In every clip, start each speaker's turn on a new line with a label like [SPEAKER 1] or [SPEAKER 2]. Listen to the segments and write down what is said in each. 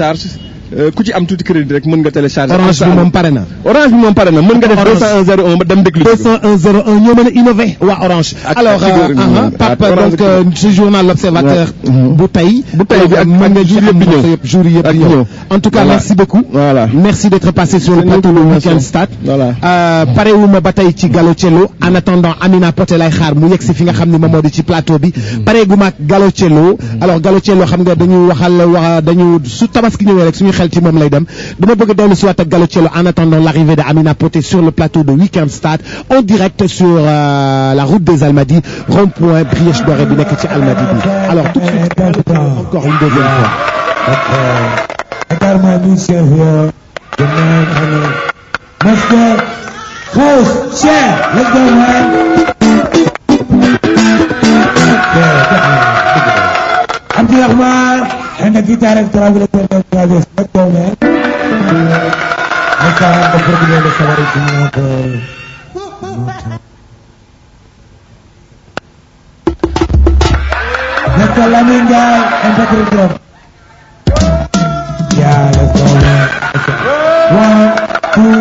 [SPEAKER 1] charge Euh, ku ci am tuuti crédit rek mën nga télécharger. orange bi moom pare na. orange bi moom pare na mën nga def. 201 01 ba dem déglu. 201 01 ñoo mën a innové waa orange. alors ah, ah, ah, Pape donc euh, ce journal l'observateur mm-hmm. bu tey. bu tey bi ak mën nga jour yëpp ñëw jour yëpp ñëw en tout cas merci beaucoup. voilà merci d'être passé sur le plateau le week-end stade. voilà euh, parewuma ba tey ci Gallo Cello en attendant Amina Poté lay xaar mu yegg si fi nga xam ne moom moo di ci plateau bi. Mm-hmm. pareeguma ak Gallo Cello mm-hmm. alors Gallo Cello xam nga dañu waxal wax dañu su tabaski ñëwee rek suñu xel ci moom lay dem dama bëgg dellu en attendant l'arrivée de Amina Poté sur le plateau de Weekend Start en direct sur la route des Almadies rond Brioche Dorée bi nekk ci Almadies alors tout de suite encore une deuxième fois. Let's go. Close. Share. Let's go, man. guitar and travel international Let's go, man. Next, I have the privilege of celebrating Mr. Laminga and Patrick Drum. Yeah, let's go, man. Let's go. One, two,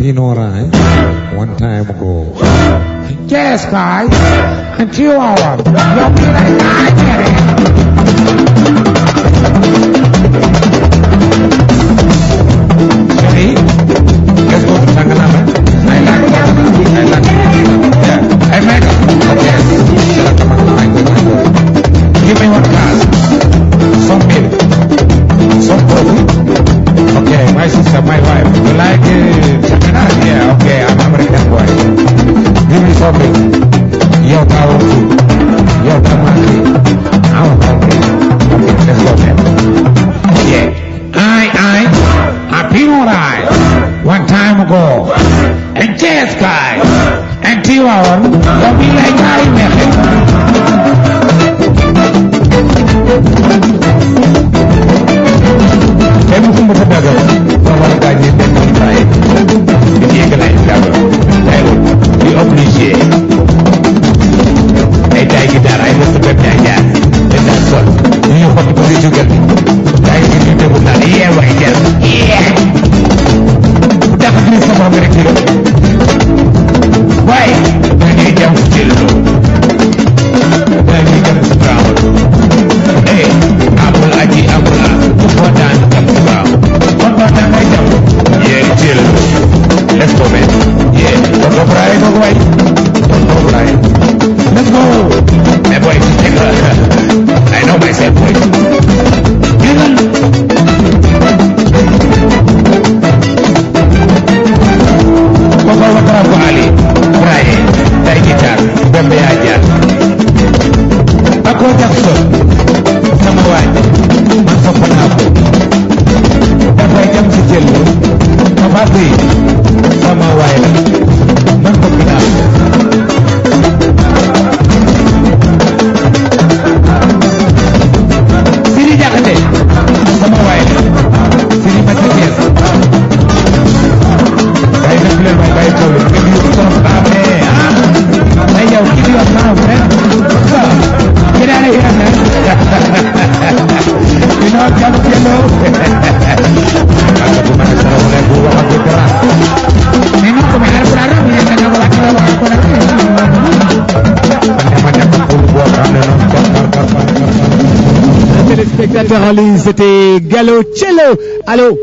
[SPEAKER 1] Latino rhyme one time ago.
[SPEAKER 2] Yes, guys, and you all, you'll be like I did it.
[SPEAKER 1] spectateurs en ligne c'était Gallo Cello allô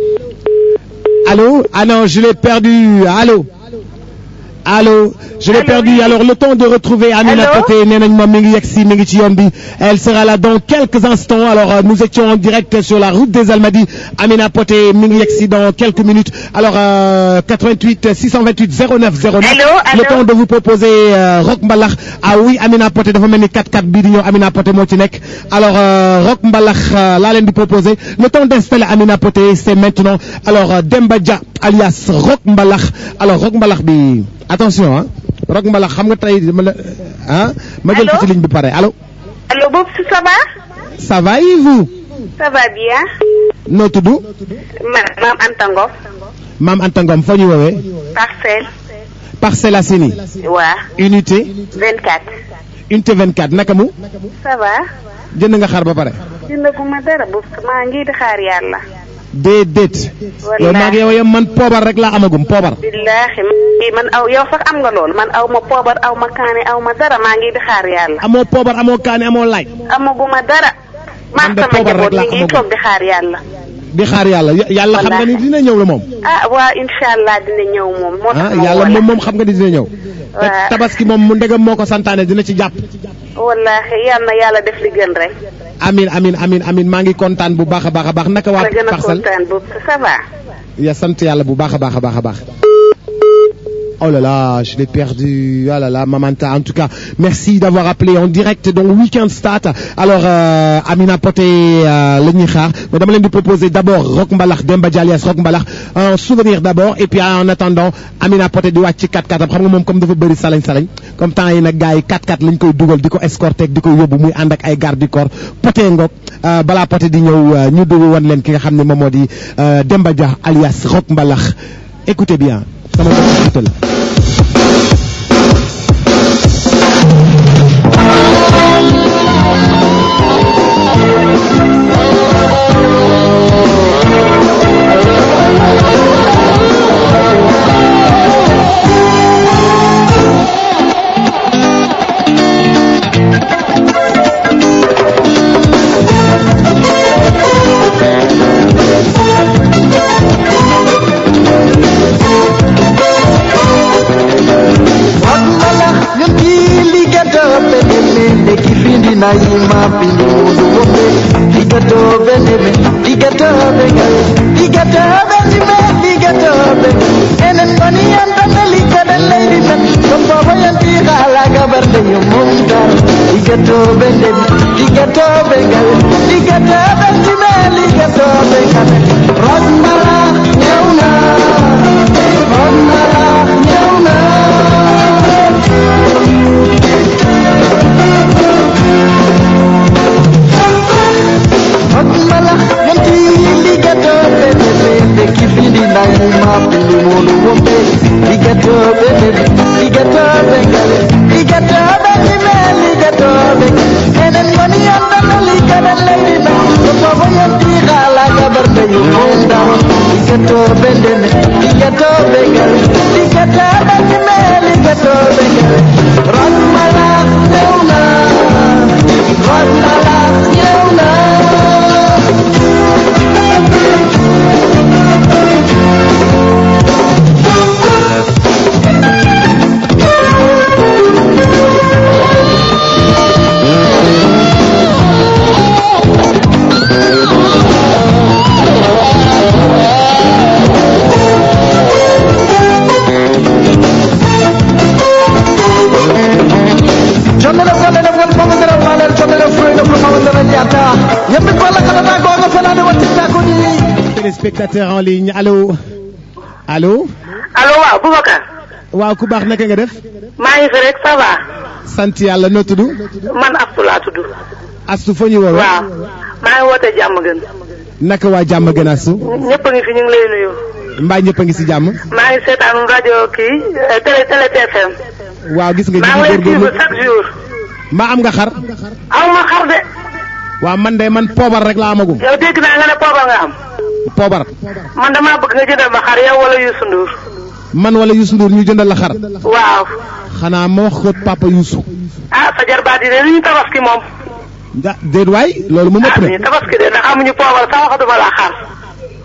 [SPEAKER 1] allô ah non je l'ai perdu allô allo je l'ai perdu alors le temps de mi ngi yegsi mi ngi ci yoon bi elle sera là dans quelques instants alors euh, nous étions en direct sur la route des Almadies Amina Poté mi ngi yegsi dans quelques minutes alors 88 628 09 09 le euh, ah Poté dafa mel ni 4-4 bii di ñëw Amina ci nekk alors euh, Rock Mbalax laa leen di proposer le temps d'installer Amina Poté c'est maintenant alors Demba Dia alias Rock Mbalax alors Mbalax bi attention ah Rock Mbalax xam nga tey dama la ah. ma jël ko ci ligne bi pare allo.
[SPEAKER 2] allo Boubou ça va.
[SPEAKER 1] ça va et vous.
[SPEAKER 2] ça va bien.
[SPEAKER 1] maam Anta maam Anta foo ñu woowee. parcelle. Parcelles Assainies. waaw. unité.
[SPEAKER 2] 24.
[SPEAKER 1] unité 24 naka mu. ça va. jënd nga xar ba pare.
[SPEAKER 2] jëndaguma dara bu maa ngi di xaar yàlla.
[SPEAKER 1] déedéet. yow maa ngi yow yem man poobar rek laa amagum poobar.
[SPEAKER 2] billaahi man aw yow sax am nga lool man aw ma poobar aw ma kaani aw ma dara maa ngi di xaar yàlla.
[SPEAKER 1] amoo poobar amoo kaani amoo laaj.
[SPEAKER 2] amaguma dara. maa sama njaboot mi ngi toog di xaar la
[SPEAKER 1] di xaar yàlla yàlla xam nga ni dina ñëw la moom.
[SPEAKER 2] ah waa incha allah dina ñëw moom. Ah, yàlla moom moom xam nga ni dina ñëw. te
[SPEAKER 1] tabaski moom mu ndegam moo ko santaane dina ci jàpp.
[SPEAKER 2] wallaahi yal na yàlla def li gën rek.
[SPEAKER 1] amin amin amin maa ngi kontaan bu baax a baax a baax naka waa. parcelle la
[SPEAKER 2] gën a bu ça
[SPEAKER 1] ya sant yàlla bu baax a baax a baax a baax. Oh là là, je l'ai perdu. Ah là là, Mamanta. En tout cas, merci d'avoir appelé en direct dans Weekend Start. Alors, euh, Amina Poté, euh, le Nikhar. Madame Lendi proposer d'abord Rock Mbalax, Demba Dialias, Rock Mbalax. Un souvenir d'abord. Et puis, en attendant, Amina Poté di wàcc ci 4 xam nga moom comme dafa bëri salañ salañ. comme temps yi nag gars yi 4-4 lañ koy dugal di ko escorter di ko yóbbu muy ànd ay garde du corps. Poté ngoog euh, di ñëw euh, ñu dugg woon leen ki nga xam ne moom moo di euh, Demba Dia alias Rock Mbalax. sama
[SPEAKER 2] ni mapi mudu wote Digatobe nebe, digatobe gal Digatobe nime, digatobe Enen bani yandane likadale dinan Sopawa yanti kala kabarde yumumkar Digatobe nebe, digatobe gal Digatobe nime, digatobe gal Rosmara, yauna
[SPEAKER 1] téléspectateur en ligne allo allo. allo
[SPEAKER 2] waaw Boubacar.
[SPEAKER 1] waaw ku baax naka nga def.
[SPEAKER 2] maa ngi fi rek ça
[SPEAKER 1] sant yàlla noo tudd.
[SPEAKER 2] man Astou laa tudd.
[SPEAKER 1] Astou foo ñu woowee. waaw
[SPEAKER 2] maa ngi wootee jàmm gën.
[SPEAKER 1] naka waa jàmm gën Astou.
[SPEAKER 2] ñëpp a ngi fi ñu ngi lay nuyu.
[SPEAKER 1] mbaa ñëpp a ngi si jàmm.
[SPEAKER 2] maa ngi seetaan rajo kii eh, télé télé TFM.
[SPEAKER 1] waaw gis nga. ngi lay suivre am nga xar.
[SPEAKER 2] aw xar de.
[SPEAKER 1] waaw man de man poobar rek laa amagum.
[SPEAKER 2] yow dégg naa nga ne poobar nga am. poobar. man damaa bëgg nga jëndal ma xar yow wala Youssou Ndour.
[SPEAKER 1] man wala Youssou Ndour ñu jëndal la xar. waaw. xanaa ma wax ko papa Youssou. ah sa jarbaat yi de li ñu tabaski moom. da déet waay loolu moom ëpp na. ah tabaski de ndax amuñu poobar sax waxatuma la xar.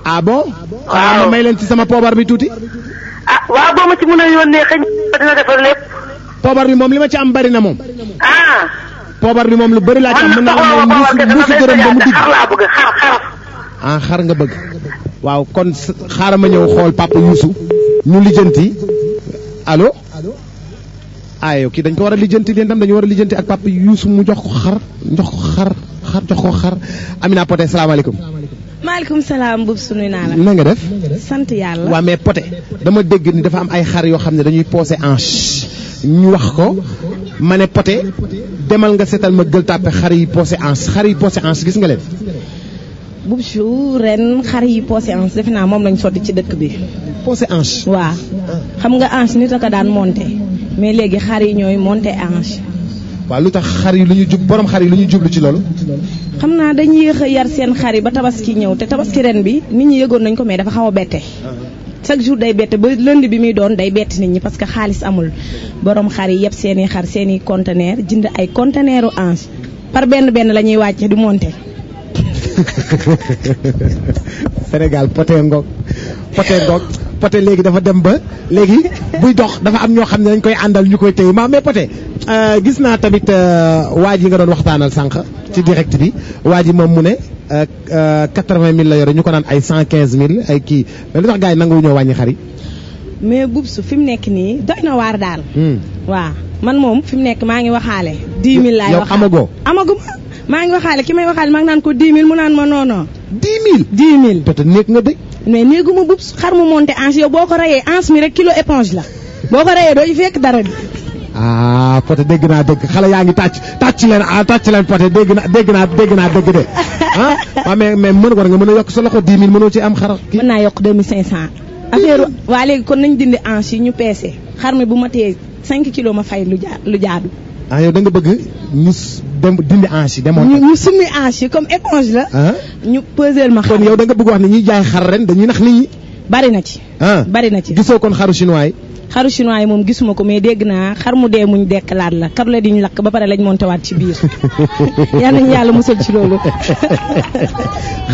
[SPEAKER 1] ah bon. waaw xanaa may leen ci sama poobar bi tuuti. ah ma ci mën a yónnee xëy na dina defal lépp. poobar bi moom li ma ci am bari na moom. ah. poobar bi moom lu bari laa ci am mën naa am mbuusu mbuusu dërëm xar laa
[SPEAKER 2] bëgg xar xar.
[SPEAKER 1] ah xar nga bëgg waaw kon xaaral ma ñëw xool papa Youssou ñu lijjanti allo ayo ah, kii dañ ko war a lijjanti leen tam dañu war a lijjanti ak papa Youssou mu jox ko xar jox ko xar xar ko xar Amina Poté salaamaaleykum.
[SPEAKER 2] maaleykum salaam boobu sunuy naa la. na nga def. sant yàlla. waaw
[SPEAKER 1] Poté dama dégg ni dafa am ay xar yoo xam ne dañuy poosé hanche ñu wax ko ma ne Poté demal nga seetal ma gël tàppe xar yi poosé hanche xar yi poosé gis nga leen.
[SPEAKER 2] Boubchou ren xar yi posé ange defe naa moom lañ sotti ci dëkk bi. posé ange. waaw xam nga ange nit a daan monté mais léegi xar yi ñooy monté ange.
[SPEAKER 1] waaw lu tax xar yi lu ñu jub borom xar yi lu ñu jublu ci loolu.
[SPEAKER 2] xam naa dañuy yéex yar seen xar yi ba tabaski ñëw te tabaski ren bi nit ñi yëgoon nañ ko mais dafa xaw a bette. chaque jour day bette ba lënd bi muy doon day betti nit ñi parce que xaalis amul borom xar yi yëpp seen i xar seen i conteneur jënd ay conteneuru ange par benn benn la ñuy wàcce du monté.
[SPEAKER 1] Sénégal poté ngoog poté ngoog poté léegi dafa dem ba léegi buy dox dafa am ñoo xam ne dañ koy àndal ñu koy téye ma mais poté euh, gis naa tamit euh, waa ji nga doon waxtaanal sànq ci direct bi waa ji moom mu ne euh, quatre-vingt mille la yore ñu ko naan ay cent quinze mille ay kii mais lu tax gars nangu ñoo wàññi xar yi
[SPEAKER 2] mais bub su fi nekk nii doy na waar daal hmm. man moom fi mu nekk maa ngi waxaale. 10 000 laay waxaale amagoo amagu ma maa ngi waxaale ki may waxaale maa ngi naan ko 10 000 mu naan ma non non. 10 000 néeg nga de. mais néegu ma xar mu monté ans yow boo ko rayee ans mi rek kilo éponge la boo ko rayee doo ci fekk dara bi.
[SPEAKER 1] ah Poté dégg naa dégg xale yaa tàcc tàcc leen ah tàcc leen dégg naa dégg naa dégg naa dégg de
[SPEAKER 2] ah waaw ah, mën nga mën a yokk sa loxo 10 000 mënoo ci am xar. mën naa yokk 2500. affaire waa léegi kon nañ dindi ans yi ñu peese xar mi bu ma cinq kilos ma fay lu jaa lu jaadu.
[SPEAKER 1] ah yow da nga bëgg ñu dem dindi ange yi demoon.
[SPEAKER 2] ñu summi ange yi comme éponge la. Ah? ñu peser
[SPEAKER 1] ma xar. kon yow da nga bëgg wax ne ñuy jaay xar ren dañuy nax ni ñi. bari na ci. Ah? bari na ci gisoo kon xaru chinois yi.
[SPEAKER 2] xaru chinois yi moom gisuma ko mais dégg naa xar mu dee muñ dekkalaat la karu la di ñu lakk ba pare lañ waat ci biir yal nañu yàlla musal ci loolu.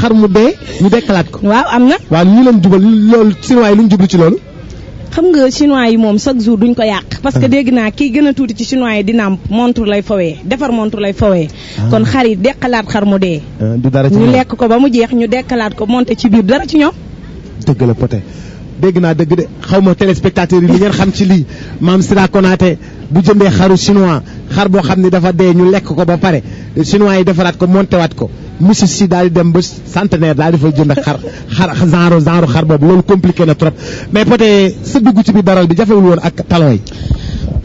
[SPEAKER 2] xar mu dee ñu dekkalaat ko. waaw am na. waaw ñu leen jubal loolu chinois yi lu ñu jublu ci loolu. xam nga chinois yi moom chaque jour duñ ko yàq. parce que ah. dégg naa kii gën a tuuti ci chinois yi di nàmp montre lay fawee defar montre lay fawee. Ah. kon xar yi deqalaat xar mu dee.
[SPEAKER 1] Ah, du dara ñu lekk
[SPEAKER 2] ko ba mu jeex ñu dekkalaat ko monte ci biir dara ci ñoom.
[SPEAKER 1] dëgg la pote dégg naa dëgg de xaw ma téléspectateur yi li ngeen xam ci lii maam Sira Konaté bu jëndee xaru chinois xar boo xam ni dafa dee ñu lekk ko ba pare chinois yi defaraat ko monté waat ko. monsieur si daal di dem ba centenaire daal di fa jënd xar xar genre genre xar boobu loolu compliqué na trop mais peut-être sa dugg ci bi daral bi jafewul woon ak talon yi.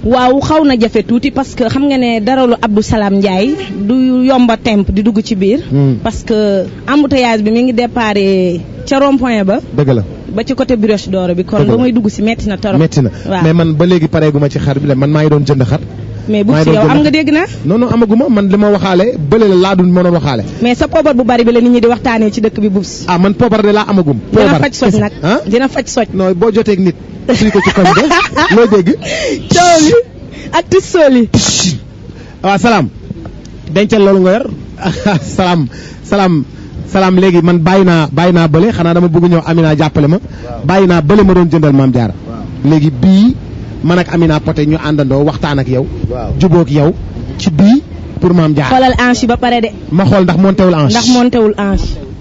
[SPEAKER 2] waaw xaw na jafe tuuti parce que xam nga ne daralu Abdou Salam Ndiaye du yomba temp di dugg ci biir. Hmm. parce que embouteillage bi mi ngi déparé ca rond ba. dëgg la. ba ci côté Brioche d'Or bi kon ba may dugg si metti na torop na
[SPEAKER 1] mais man ba léegi pareegu ma ci xar bi de man maa ngi doon jënd xar.
[SPEAKER 2] mais bu ci yow am nga dégg naa.
[SPEAKER 1] noonu non amaguma man li ma waxaale bële la laa dund ma doon waxaale.
[SPEAKER 2] mais sa poobar bu bari bi la nit ñi di waxtaanee ci dëkk bi
[SPEAKER 1] bubs. ah man poobar de laa amagum. poobar ah? dina faj soj nag dina faj boo jotee nit. suy ko ci koñ de loo dégg. coow li salaam. loolu nga yor salaam salaam salaam léegi man bàyyi naa bàyyi naa bële xanaa dama bëgg ñëw Amina jàppale ma. bàyyi naa bële ma doon jëndal maam Diarra. léegi bii. man ak Amina Poté ñu àndandoo waxtaan ak yow. jubóog yow ci bii pour maam jaar. xoolal
[SPEAKER 2] ange ba pare de.
[SPEAKER 1] ma xool ndax montewul ange. ndax
[SPEAKER 2] montewul ange.